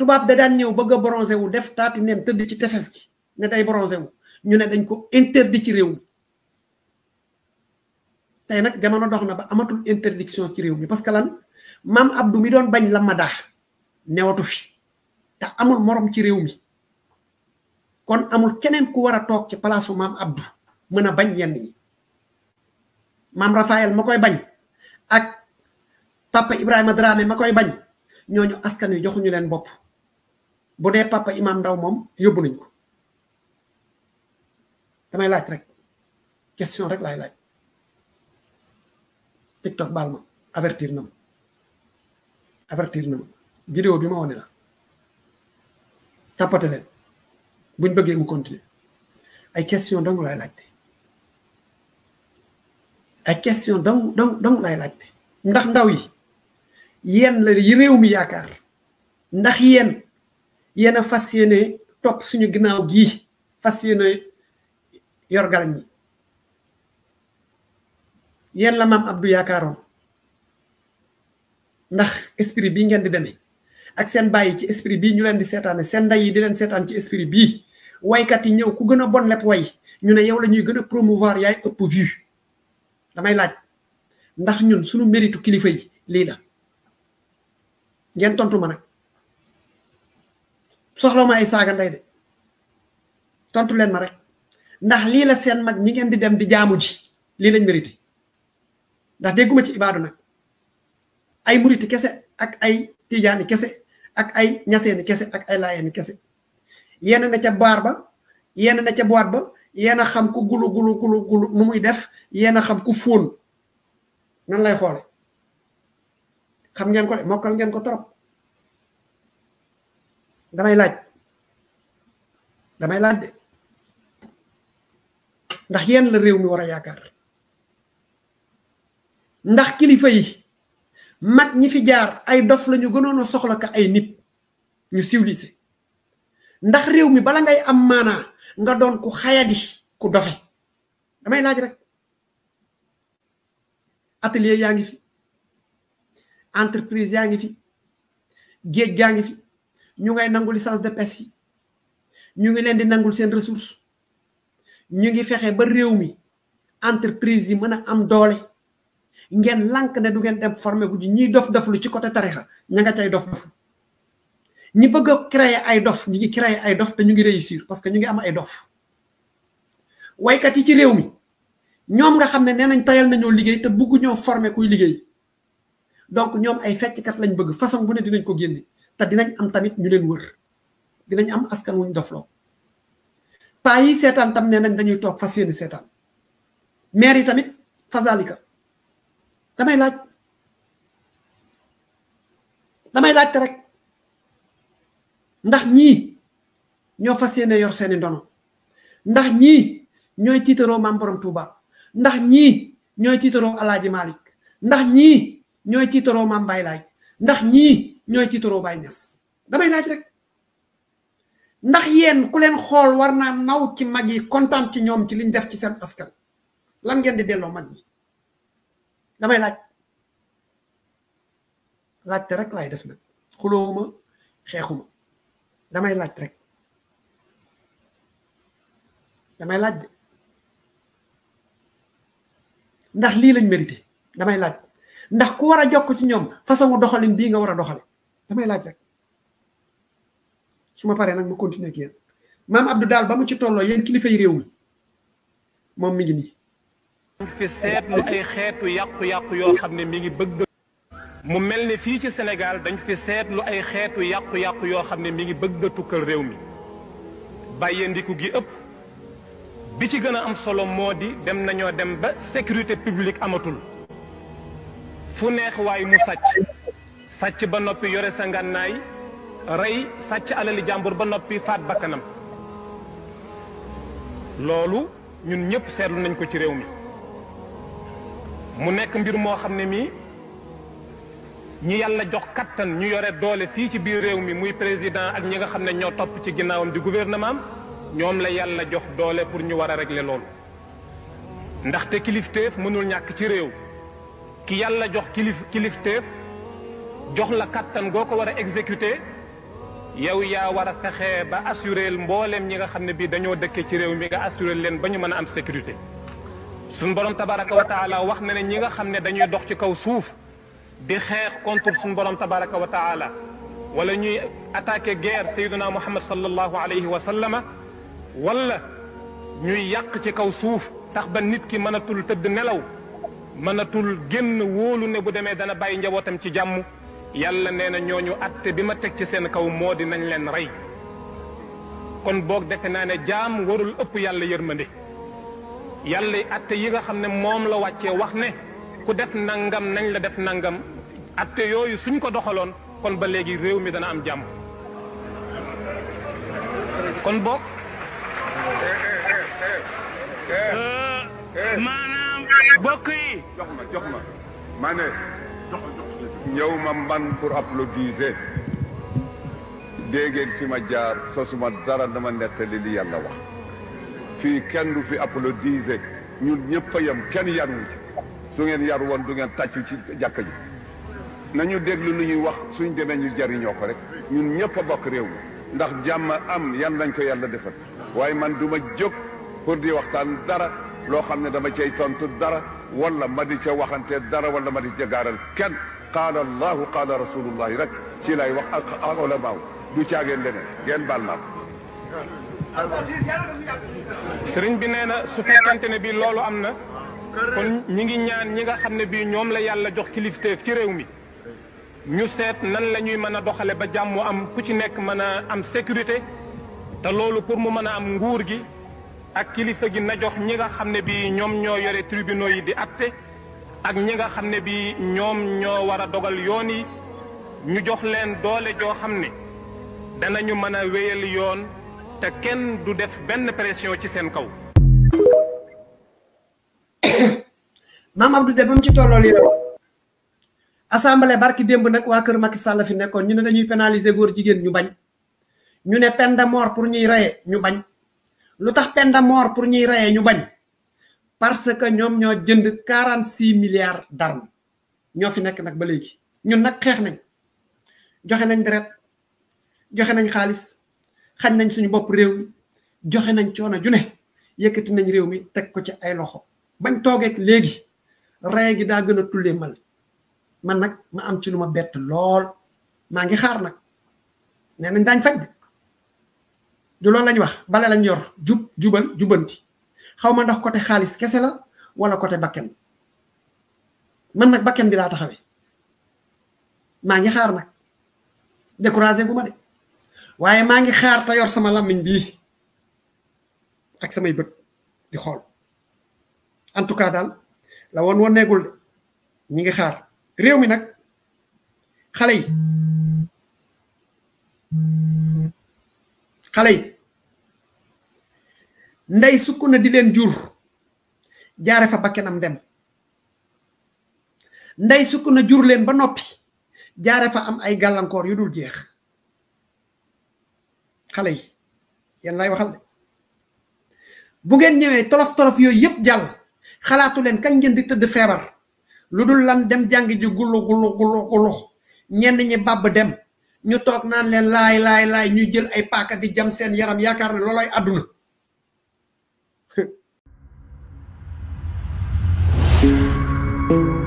tubaab da daan ñëw bëgg a bronzé def taati neem tëdd ci tefes gi ne day bronzé wu ñu ne dañ ko interdi ci réew mi tey nag jamono dox na ba amatul interdiction ci réew mi parce que lan maam Abdou mi doon bañ la ma daa newatu fi te amul moroom ci réew mi kon amul keneen ku war a toog ci palaasu maam Abdou mën a bañ yenn yi maam Raphaël ma koy bañ ak papa Ibrahima Dramé ma koy bañ ñooñu askan wi joxuñu leen bopp. bu dee papa imam ndaw moom yóbbu nañ ko damay laaj rek question rek lay laaj tiktok baal ma avertir na ma avertir na bi ma wane la tàppate leen buñ bëggee mu continuer ay question dong laay laajte question dong dong dong laay laajte ndax ndaw yi yéen la yi réew mi yaakaar ndax yéen yena fasiyene top suñu ginaaw gi fasiyene yor galañ ñi yéen la mam abdou yakaron ndax esprit bi ngeen di demé ak seen bàyyi ci esprit bi ñu leen di sétane seen ndey di leen sétane ci esprit way kat yi ñew ku gëna bon lepp way ñu ne yow la ñuy gën promouvoir yaay ëpp vue damay laaj ndax ñun suñu mérite kilifa yi li la ngeen tontu ma nak soxlo ma ay saga nday de tontu len ma rek ndax li la sen mag ñi ngeen di dem di jaamu ji li lañ mérité ndax dégguma ci ibadu nak ay kese ak ay tidiane kese ak ay ni kese ak ay layene kese yenn na ca baar ba yenn na ca boit ba yenn xam ku gulu gulu gulu gulu nu muy def yenn xam ku fóon nan lay xoole xam ngeen ko mokal ngeen ko trop Đã may lệch. Đã may lệch. ndax yeen la réew mi war a yaakaar ndax kilifa yi mag ñi fi jaar ay dof lañu gënoon soxla ka ay nit ñu siwlise ndax réew mi bala ngay am mana nga doon ku xayadi ku dofe damay laaj rek atelier yaa ngi fi entreprise yaa fi géej fi ñu ngay nangul licence de pêche yi ñu ngi leen di nangul seen ressource ñu ngi fexe ba réew mi entreprise yi mën a am doole ngeen lank ne du ngeen dem formé bu ji ñiy dof dof lu ci côté tarixa ña nga tay dof dof ñi bëgg a créer ay dof ñi ngi créer ay dof te ñu ngi réussir parce que ñu ngi am ay dof waykat yi ci réew mi ñoom nga xam ne nee nañ tayal nañoo liggéey te bugg ñoo formé kuy liggéey donc ñoom ay kat lañ bëgg façon bu ne dinañ ko génne te dinañ am tamit ñu leen wër dinañ am askan wuñ doflo pa yi setan tam nee nañ dañuy toog fas yéene seetaan yi tamit fasalika damay laaj damay laajte rek ndax ñii ñoo fas yéene yor seeni ndono ndax ñii ñooy tiitaroo maam borom tuuba ndax ñii ñooy tiitaroo alaaji malik ndax ñii ñooy tiitaroo mam baylaay ndax ñii ñooy tiitaroo Baye Niass damay laaj rek ndax yeen ku leen xol war naa naw ci magi content ci ñom ci liñ def ci sen askan lan ngeen di delo magi ñi damay laaj laaj rek lay def nag xuloowuma xeexuma damay laaj rek damay laaj ndax li lañ mérité damay laaj ndax ku wara jokk ci façon doxalin bi nga wara damay laaj rek su ma paree nag ma continuer ak yéen maam Abdou daal ba mu ci tolloo yéen kilifa yi réew mi moom mi ngi nii. fi seetlu ay xeetu yàqu-yàqu yoo xam ne mi ngi bëgg. mel ne fii ci Sénégal dañ seetlu ay xeetu yàqu-yàqu yoo xam ne mi ngi bëgg a tukkal réew mi bàyyee ndiku gi ëpp bi ci gën a am solo moo di dem nañoo dem ba sécurité publique amatul fu neex waay mu sàcc. sàcc ba noppi yore sa ngànnaay rey sàcc alali jàmbur ba noppi faat bakkanam loolu ñun ñëpp seetlu nañ ko ci réew mi mu nekk mbir moo xam ne mii ñi yàlla jox kattan ñu yore doole fii ci biir réew mi muy président ak ñi nga xam ne ñoo topp ci ginnaawam di gouvernement ñoom la yàlla jox doole pour ñu war a régler loolu ndaxte kilifteef mënul ñàkk ci réew ki yàlla jox kilifteef jox la kàttan goo ko war a exécuter yow yaa war a fexe ba assurer mbooleem ñi nga xam ne bii dañoo dëkkee ci réew mi nga assurer leen ba ñu mën a am sécurité suñ borom tabaraka wa taala wax na ne ñi nga xam ne dañuy dox ci kaw suuf di xeex contre suñ borom tabaraka wa taala wala ñuy attaquer guerre sayyiduna muhammad sallallahu alayhi wa sallama wala ñuy yàq ci kaw suuf tax ba nit ki mënatul tëdd nelaw mënatul génn wóolu ne bu demee dana bàyyi njabootam ci jàmm yàlla nee na ñooñu atte bi ma teg ci seen kaw moo di nañ leen rey kon boog defe naa ne jaam warul ëpp yàlla yërmande yàlla atte yi nga xam ne moom la wàccee wax ne ku def nangam nañ la def nangam atte yooyu suñ ko doxaloon kon ba léegi réew mi dana am jàmm kon boog euh, maanaam bokk ma ñëw ma man pour applaudiser dégg ngeen fi ma jaar suma dara dama nettali li yàlla wax fii kenn du fi applaudiser ñun ñëpp a yem kenn yarul ci su ngeen yar woon du ngeen tàccu ci jàkka ji nañu déglu lu ñuy wax suñ demee ñu jariñoo ko rek ñun ñëpp a bokk réew mi ndax jàmm am yan lañ ko yàlla defal waaye man du ma jóg pour di waxtaan dara loo xam ne dama cay tontu dara walla ma di ca waxante dara wala ma di ca gaaral kenn قال الله قال رسول الله rek ci lay wax ak ak olomaaw du caageen leneen ngeen baal ma sëriñ bi nee na su fekkante ne bi loolu am na kon ñi ngi ñaan ñi nga xam ne bii ñoom la yàlla jox kilifteef ci réew mi ñu seet nan la ñuy mën a doxale ba jàmm am ku ci nekk mën a am sécurité te loolu pour mu mën a am nguur gi ak kilifa gi na jox ñi nga xam ne bii ñoom ñoo yore tribunaux yi di atte ak ñi nga bi ñom ñoo wara dogal yoni ñu jox leen doole joo xamne ne danañu mëna wéyel yoon te kenn du def benn pression ci seen kaw mam abdou de bam ci tolol lii assemblée barki demb nak wa keur Macky Sall fi nekkon ñu ne dañuy pénaliser goor nyu ñu bañ ñu ne peine de mort pour ñuy rayé ñu bañ lutax pour ñuy rayé ñu bañ parce que ñom ñoo jënd 46 milliards d'armes ñoo fi nek nak ba légui ñun nak xex nañ joxé nañ dérèt joxé nañ xaalis xañ nañ suñu bop réew mi joxé nañ coono ju ne yëkkati nañ réew mi tek ko ci ay loxo bañ toogeeg légui ray gi da gëna tullé mal man nak ma am ci luma bét lool ma ngi xaar nak né nañ dañ faj du lool lañ wax balé lañ yor jub jubal jubanti xaw ma ndax côté xaalis kese la wala côté bakken man nag bakken bi laa taxawee maa ngi xaar nag découragé gu ma de waaye maa ngi xaar te yor sama làmmiñ bii ak samay bët di xool en tout cas daal la woon woon neegul de ñi ngi xaar réew mi nag xale yi xale yi ndey sukk na di len jur jaare fa bakkenam dem ndey sukk na jur len ba nopi jaare fa am ay kor yu dul jeex xale yi lay waxal bu ngeen ñewé torof torof yoy yep jall xalaatu len kan ngeen di teud febar lu dul lan dem jangi ju gulu gulu gulu gulu ñen ñi bab dem ñu tok naan len lay lay lay ñu jël ay paaka di jam seen yaram yakar na loloy aduna Thank you.